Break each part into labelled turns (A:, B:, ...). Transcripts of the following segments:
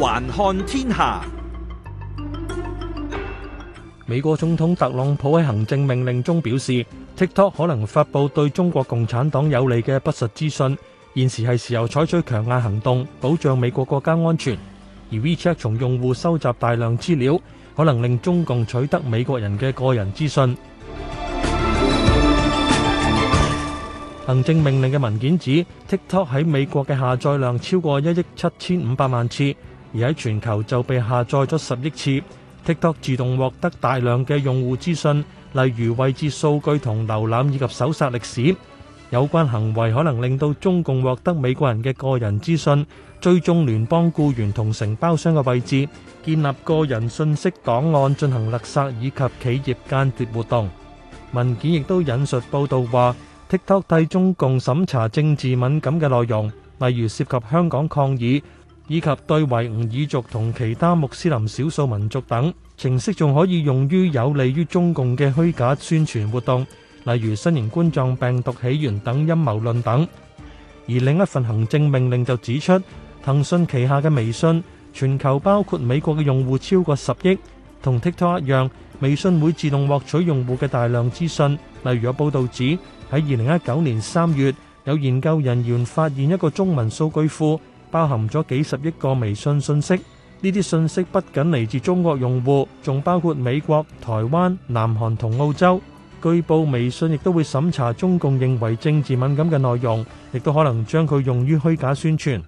A: 環看天下，美國總統特朗普喺行政命令中表示，TikTok 可能發佈對中國共產黨有利嘅不實資訊，現時係時候採取強硬行動，保障美國國家安全。而 WeChat 從用戶收集大量資料，可能令中共取得美國人嘅個人資訊。行政命令嘅文件指，TikTok 喺美國嘅下載量超過一億七千五百萬次。而喺全球就被下載咗十億次，TikTok 自動獲得大量嘅用戶資訊，例如位置數據同瀏覽以及搜索歷史。有關行為可能令到中共獲得美國人嘅個人資訊，追蹤聯邦僱員同承包商嘅位置，建立個人信息檔案，進行勒索以及企業間諜活動。文件亦都引述報導話，TikTok 替中共審查政治敏感嘅內容，例如涉及香港抗議，以及對維吾爾族同其他穆斯林少數民族等程式，仲可以用於有利於中共嘅虛假宣傳活動，例如新型冠狀病毒起源等陰謀論等。而另一份行政命令就指出，騰訊旗下嘅微信全球包括美國嘅用戶超過十億，同 TikTok 一樣，微信會自動獲取用戶嘅大量資訊。例如有報導指，喺二零一九年三月，有研究人員發現一個中文數據庫。包含咗幾十億個微信信息，呢啲信息不僅嚟自中國用戶，仲包括美國、台灣、南韓同澳洲。據報，微信亦都會審查中共認為政治敏感嘅內容，亦都可能將佢用於虛假宣傳。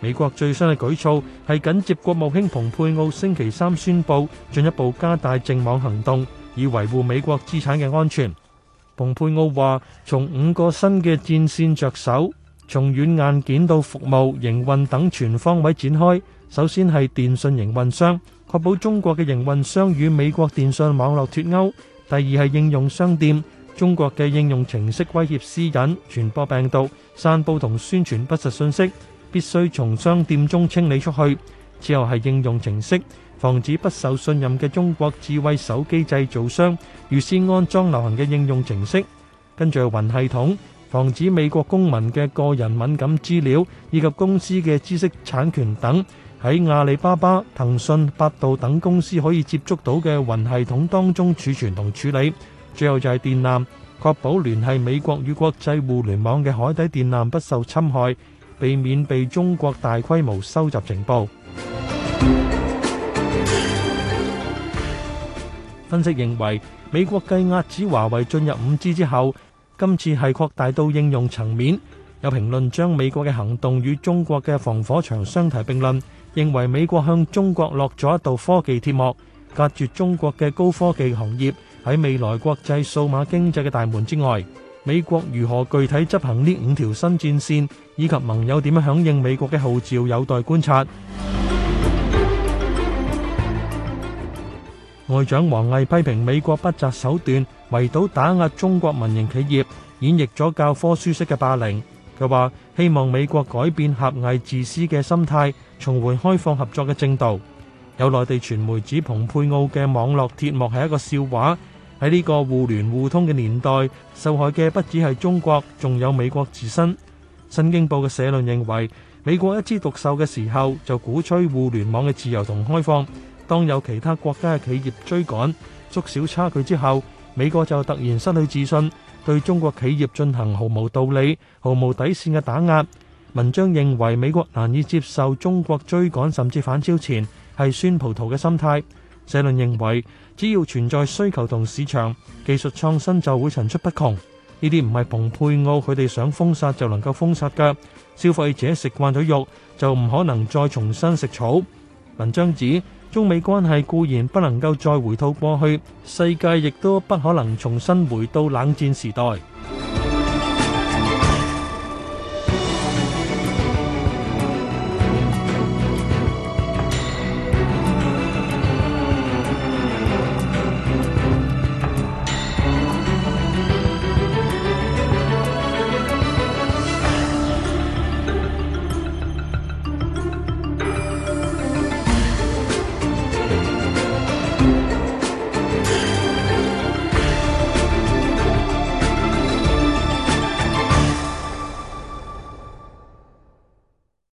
A: 美國最新嘅舉措係緊接國務卿蓬佩奧星期三宣布進一步加大淨網行動，以維護美國資產嘅安全。蓬佩奧話：從五個新嘅戰線着手，從軟硬件到服務營運等全方位展開。首先係電信營運商，確保中國嘅營運商與美國電信網絡脫鉤。第二係應用商店，中國嘅應用程式威脅私隱、傳播病毒、散佈同宣傳不實信息，必須從商店中清理出去。之後係應用程式。防止不受信任嘅中國智慧手機製造商預先安裝流行嘅應用程式，跟住雲系統，防止美國公民嘅個人敏感資料以及公司嘅知識產權等喺阿里巴巴、騰訊、百度等公司可以接觸到嘅雲系統當中儲存同處理。最後就係電纜，確保聯繫美國與國際互聯網嘅海底電纜不受侵害，避免被中國大規模收集情報。分析認為，美國繼遏止華為進入五 G 之後，今次係擴大到應用層面。有評論將美國嘅行動與中國嘅防火牆相提並論，認為美國向中國落咗一道科技鐵幕，隔絕中國嘅高科技行業喺未來國際數碼經濟嘅大門之外。美國如何具體執行呢五條新戰線，以及盟友點樣響應美國嘅號召，有待觀察。外長王毅批評美國不擇手段圍堵打壓中國民營企業，演繹咗教科書式嘅霸凌。佢話希望美國改變狹隘自私嘅心態，重回開放合作嘅正道。有內地傳媒指蓬佩奧嘅網絡鐵幕係一個笑話。喺呢個互聯互通嘅年代，受害嘅不止係中國，仲有美國自身。《新京報》嘅社論認為，美國一枝獨秀嘅時候，就鼓吹互聯網嘅自由同開放。當有其他國家嘅企業追趕，縮小差距之後，美國就突然失去自信，對中國企業進行毫無道理、毫無底線嘅打壓。文章認為美國難以接受中國追趕甚至反超前係酸葡萄嘅心態。社論認為，只要存在需求同市場，技術創新就會層出不窮。呢啲唔係蓬佩奧佢哋想封殺就能夠封殺㗎，消費者食慣咗肉，就唔可能再重新食草。文章指。中美關係固然不能夠再回到過去，世界亦都不可能重新回到冷戰時代。